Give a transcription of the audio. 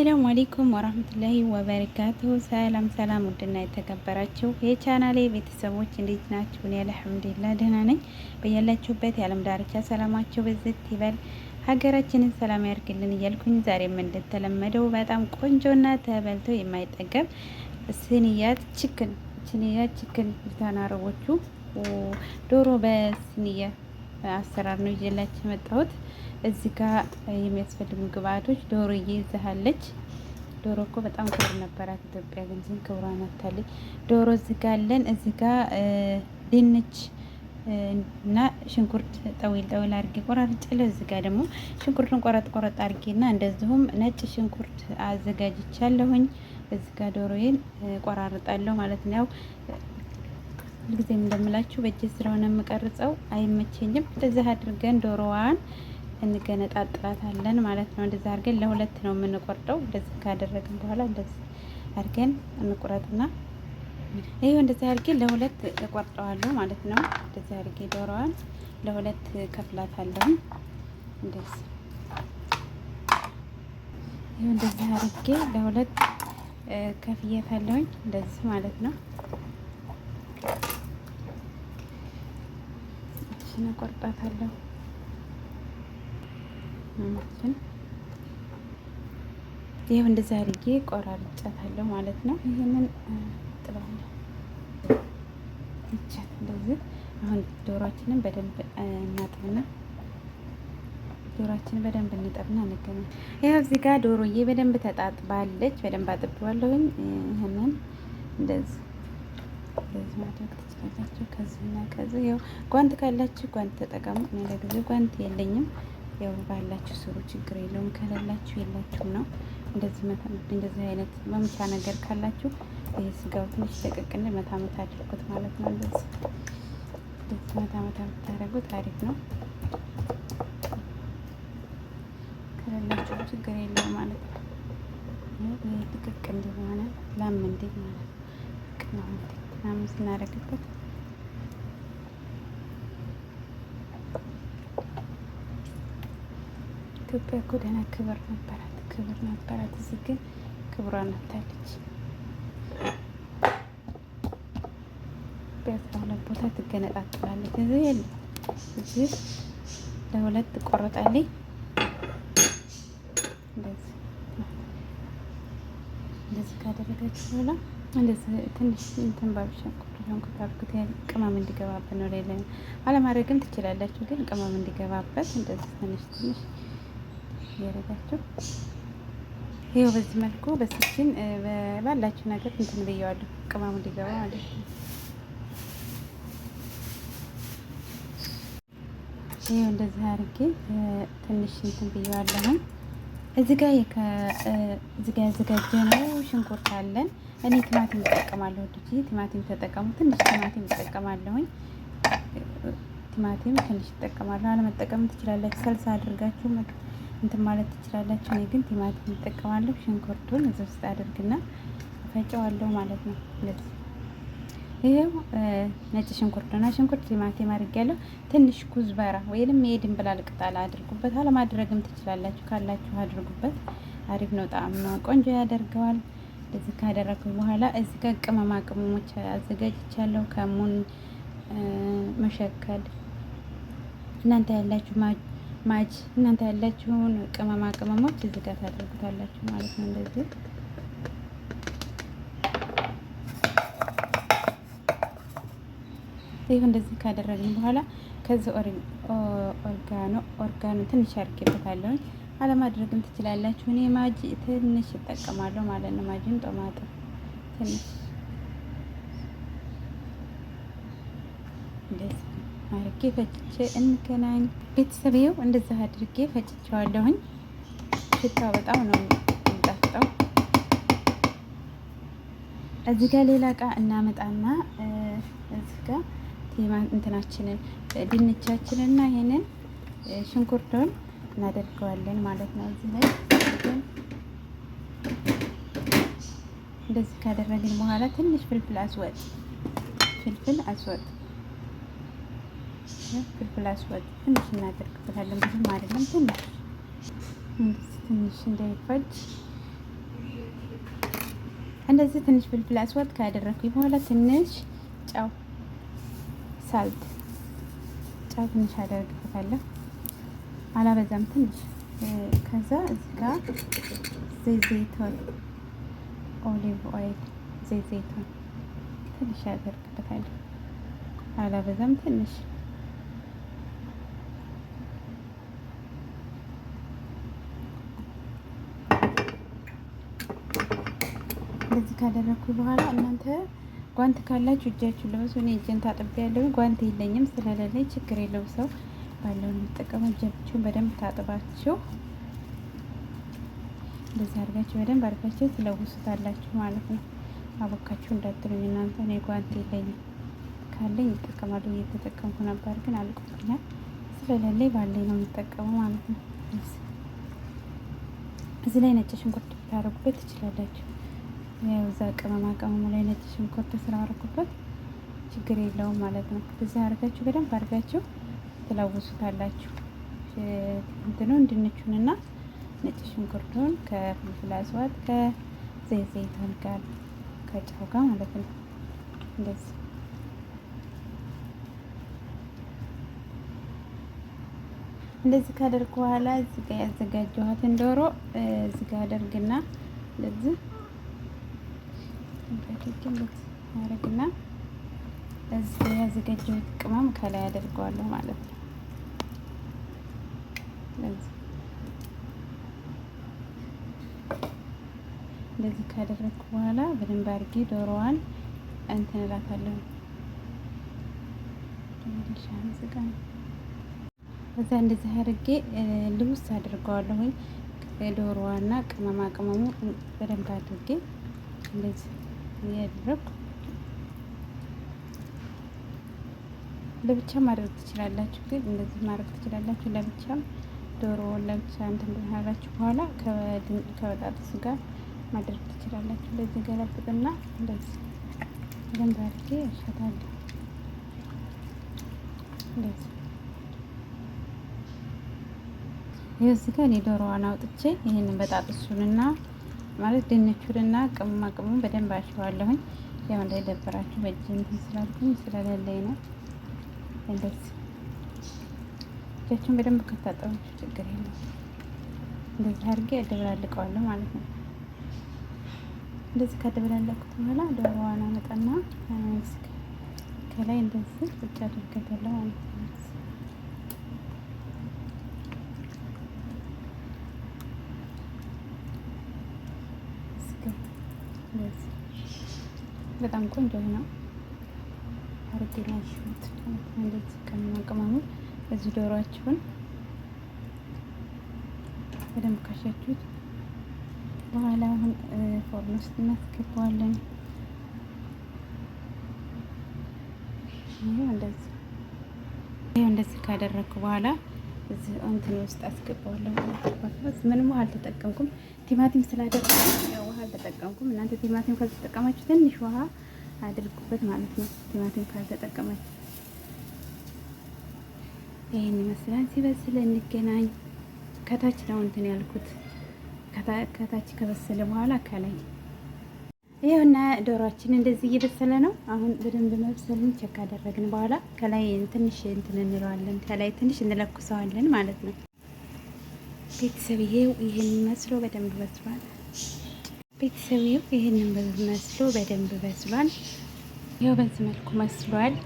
አሰላሙ አሌይኩም ወራህመቱላሂ ወበረካቱሁ። ሰላም ሰላም፣ ውድና የተከበራችሁ የቻናሌ ቤተሰቦች እንዴት ናችሁ? እኔ አልሐምዱሊላህ ደህና ነኝ። በያላችሁበት የዓለም ዳርቻ ሰላማችሁ ብዝት ይበል፣ ሀገራችንን ሰላም ያርግልን እያልኩኝ ዛሬም እንደተለመደው በጣም ቆንጆና ተበልቶ የማይጠገብ ስንያት ችክን ስንያት ችክን ብታናረቦቹ ዶሮ በስንያ አሰራር ነው ይዤላችሁ የመጣሁት። እዚህ ጋር የሚያስፈልጉ ግብአቶች ዶሮ ይዛለች። ዶሮ እኮ በጣም ክብር ነበራት ኢትዮጵያ፣ ግን ዝም ክብሯ አታለች። ዶሮ እዚህ ጋር አለን። እዚህ ጋር ድንች እና ሽንኩርት ጠዊል ጠዊል አድርጌ ቆራርጬ ለ እዚህ ጋር ደግሞ ሽንኩርትን ቆረጥ ቆረጥ አድርጌ እንደዚሁም ነጭ ሽንኩርት አዘጋጅቻለሁኝ። እዚህ ጋር ዶሮዬን ቆራርጣለሁ ማለት ነው። ሁልጊዜም እንደምላችሁ በእጅ ስለሆነ የምቀርጸው አይመቸኝም። እንደዚህ አድርገን ዶሮዋን እንገነጣጥራታለን ማለት ነው። እንደዚህ አድርገን ለሁለት ነው የምንቆርጠው። እንደዚህ ካደረግን በኋላ እንደዚህ አድርገን እንቁረጥና ይህ እንደዚህ አድርጌ ለሁለት እቆርጠዋለሁ ማለት ነው። እንደዚህ አድርጌ ዶሮዋን ለሁለት ከፍላታለሁ። እንደዚህ ይህ እንደዚህ አድርጌ ለሁለት ከፍያታለሁኝ እንደዚህ ማለት ነው። እችን እቆርጣታለሁ። እችን ይኸው እንደዛ አድርጌ ቆራርጫታለሁ ማለት ነው። ይህንን ጥለዋለሁ። ይቻት እንደዚህ አሁን ዶሯችንን በደንብ እናጥብና ዶሯችንን በደንብ እንጠብና እንገናኝ። ይኸው እዚህ ጋር ዶሮዬ በደንብ ተጣጥባለች። በደንብ አጥብዋለሁኝ። ይህንን እንደዚህ እንደዚህ ማድረግ ትችላላችሁ። ከዚህና ከዚህ ያው ጓንት ካላችሁ ጓንት ተጠቀሙ። እኔ ለጊዜው ጓንት የለኝም። ያው ባላችሁ ስሩ፣ ችግር የለውም። ከሌላችሁ የላችሁም ነው። እንደዚህ እንደዚህ አይነት መምቻ ነገር ካላችሁ ይህ ስጋው ትንሽ ደቀቅና መታ መታ አድርጉት ማለት ነው። እንደዚህ እንደዚህ መታ መታ ብታደርጉት አሪፍ ነው። ከሌላችሁም ችግር የለውም ማለት ነው። ይህ ድቅቅ እንደሆነ ላም እንዲል ማለት ነው። ምናምን ስናደርግበት ኢትዮጵያ እኮ ደህና ክብር ነበራት፣ ክብር ነበራት። እዚህ ግን ክብሯን አታለች። በአስራ ሁለት ቦታ ትገነጣጥላለች። እዚህ የለም። እዚህ ለሁለት ትቆረጣለች። እንደዚህ እንደዚህ ካደረገች በኋላ እንደዚህ ትንሽ እንትን ባብሻን ቁጥሩን ኩታብኩት ቅመም እንዲገባበት ነው። ሌላ አለማድረግም ትችላላችሁ፣ ግን ቅመም እንዲገባበት እንደዚህ ትንሽ ትንሽ እያደረጋችሁ ይኸው በዚህ መልኩ በስችን ባላችሁ ነገር እንትን ብየዋለሁ፣ ቅመሙ እንዲገባ ማለት ነው። ይኸው እንደዚህ አድርጌ ትንሽ እንትን ብየዋለሁ። እዚህ ጋር እዚህ ጋር ያዘጋጀነው ሽንኩርት አለን። እኔ ቲማቲም እጠቀማለሁ። ዱጂ ቲማቲም ተጠቀሙ። ትንሽ ቲማቲም እጠቀማለሁኝ። ቲማቲም ትንሽ እጠቀማለሁ። አለመጠቀም ትችላላችሁ። ሰልሳ አድርጋችሁ እንትን ማለት ትችላላችሁ። እኔ ግን ቲማቲም እጠቀማለሁ። ሽንኩርቱን እዚህ ውስጥ አድርግና ፈጨዋለሁ ማለት ነው። እንደዚህ ይሄው ነጭ ነው። ሽንኩርት ቲማቲም አድርጊያለሁ። ትንሽ ኩዝበራ ወይንም የድንብላል ቅጠል አድርጉበት። አለማድረግም ትችላላችሁ። ካላችሁ አድርጉበት። አሪፍ ነው። ጣም ነው። ቆንጆ ያደርገዋል። እንደዚህ ካደረግኩ በኋላ እዚህ ጋር ቅመማ ቅመሞች አዘጋጅቻለሁ። ከሙን፣ መሸከል እናንተ ያላችሁ ማጅ እናንተ ያላችሁን ቅመማ ቅመሞች እዚህ ጋር ታደርጉታላችሁ ማለት ነው። እንደዚህ ይህ እንደዚህ ካደረግን በኋላ ከዚህ ኦርጋኖ ኦርጋኖ ትንሽ አድርጌበታለሁኝ አለማድረግም ትችላላችሁ። እኔ ማጂ ትንሽ እጠቀማለሁ ማለት ነው። ማጂን ጦማጥ ትንሽ አድርጌ ፈጭቼ እንገናኝ ቤተሰብየው። እንደዛህ አድርጌ ፈጭቸዋለሁኝ። ሽታ በጣም ነው የሚጣፍጠው። እዚህ ጋር ሌላ እቃ እናመጣና እዚህ ጋር እንትናችንን ድንቻችንና ይሄንን ሽንኩርቱን እናደርገዋለን ማለት ነው። እዚህ ላይ እንደዚህ ካደረግን በኋላ ትንሽ ፍልፍል አስወጥ ፍልፍል አስወጥ ፍልፍል አስወጥ ትንሽ እናደርግበታለን። ብዙም አይደለም ትንሽ እንደዚህ ትንሽ እንዳይፈጅ እንደዚህ ትንሽ ፍልፍል አስወጥ ካደረግኩኝ በኋላ ትንሽ ጨው ሳልት ጨው ትንሽ አደርግበታለሁ። አላበዛም ትንሽ። ከዛ እዚህ ጋር ዘይት ዘይቱን ኦሊቭ ኦይል ዘይት ዘይቱን ትንሽ ያደርግበታለሁ። አላበዛም ትንሽ እንደዚህ ካደረኩ በኋላ እናንተ ጓንት ካላችሁ እጃችሁ ልበሱ። እኔ እጄን ታጥቤ ያለሁ ጓንት የለኝም ስለሌለኝ ችግር የለው ሰው ባለው የሚጠቀሙ እጃችሁን በደንብ ታጥባችሁ እንደዚህ አድርጋችሁ በደንብ አድርጋችሁ ትለውሱታላችሁ ማለት ነው። አቦካችሁ እንዳትሉኝ እናንተ እኔ ጓንት የለኝም ካለኝ ይጠቀማሉ። እየተጠቀምኩ ነበር ግን አልቆኛል። ስለሌለኝ ባለኝ ነው የሚጠቀሙ ማለት ነው። እዚህ ላይ ነጭ ሽንኩርት ታደርጉበት ትችላላችሁ። ያው እዛ ቅመማ ቅመሙ ላይ ነጭ ሽንኩርት ስላደረኩበት ችግር የለውም ማለት ነው። እዚህ አድርጋችሁ በደንብ አድርጋችሁ ትለውሱታላችሁ። እንትኑን ድንቹንና ነጭ ሽንኩርቱን ከፍልፍል አስዋት ከዘይት ዘይቱን ጋር ከጨው ጋር ማለት ነው እንደዚህ እንደዚህ ካደርግ በኋላ እዚህ ጋር ያዘጋጀኋትን ዶሮ እዚህ ጋር አደርግና እንደዚህ አደርግና እዚህ ያዘጋጀሁት ቅመም ከላይ አደርገዋለሁ ማለት ነው። እንደዚህ ካደረግኩ በኋላ በደንብ አድርጌ ዶሮዋን እንትን እላታለሁ። በዛ እንደዚህ አድርጌ ልውስ አድርገዋለሁኝ። ዶሮዋና ቅመማ ቅመሙ በደንብ አድርጌ እንደዚህ እያደረግኩ ለብቻ ማድረግ ትችላላችሁ፣ ግን እንደዚህ ማድረግ ትችላላችሁ ለብቻም ዶሮ ለብቻ እንትን ብናላችሁ በኋላ ከበጣጥስ ጋር ማድረግ ትችላላችሁ። እንደዚህ ገለብጥና እንደዚህ ገንብ አድርጌ እሸታለሁ። እንደዚህ የዚህ ጋር የዶሮዋን አውጥቼ ይህንን በጣጥሱንና ማለት ድንቹንና ቅመማ ቅመም በደንብ አሸዋለሁኝ። ያው እንዳይደበራችሁ በእጅ እንትን ስላልኩኝ ስለሌለኝ ነው እንደዚህ እጃቸውን በደንብ ከታጠባችሁ ችግር የለም። እንደዚህ አድርጌ እደብላልቀዋለሁ ማለት ነው። እንደዚህ ከደብላለኩት በኋላ ዶሮዋን አመጣና ከላይ እንደዚህ ብቻ አድርገታለሁ ማለት ነው። በጣም ቆንጆ ነው። አርጌ ላሽት እንደዚህ ከሚያቀማሙት እዚህ ዶሯችሁን በደንብ ካሻችሁት በኋላ አሁን ፎርን ውስጥ እናስገባዋለን። ይኸው እንደዚህ ካደረግኩ በኋላ እዚህ እንትን ውስጥ አስገባዋለሁ። ምንም ውሃ አልተጠቀምኩም፣ ቲማቲም ስላደረግኩ ውሃ አልተጠቀምኩም። እናንተ ቲማቲም ካልተጠቀማችሁ ትንሽ ውሃ አድርጉበት ማለት ነው። ቲማቲም ካልተጠቀማችሁ ይህን ይመስላል። ሲበስል እንገናኝ። ከታች ነው እንትን ያልኩት ከታች ከበሰለ በኋላ ከላይ ይኸውና ዶሯችን እንደዚህ እየበሰለ ነው። አሁን በደንብ መብሰልን ቸክ አደረግን በኋላ ከላይ ትንሽ እንትን እንለዋለን፣ ከላይ ትንሽ እንለኩሰዋለን ማለት ነው። ይሄው ይህን መስሎ በደንብ በስሏል። ቤተሰብዬው ይህንን መስሎ በደንብ በስሏል። ይኸው በዚህ መልኩ መስሏል።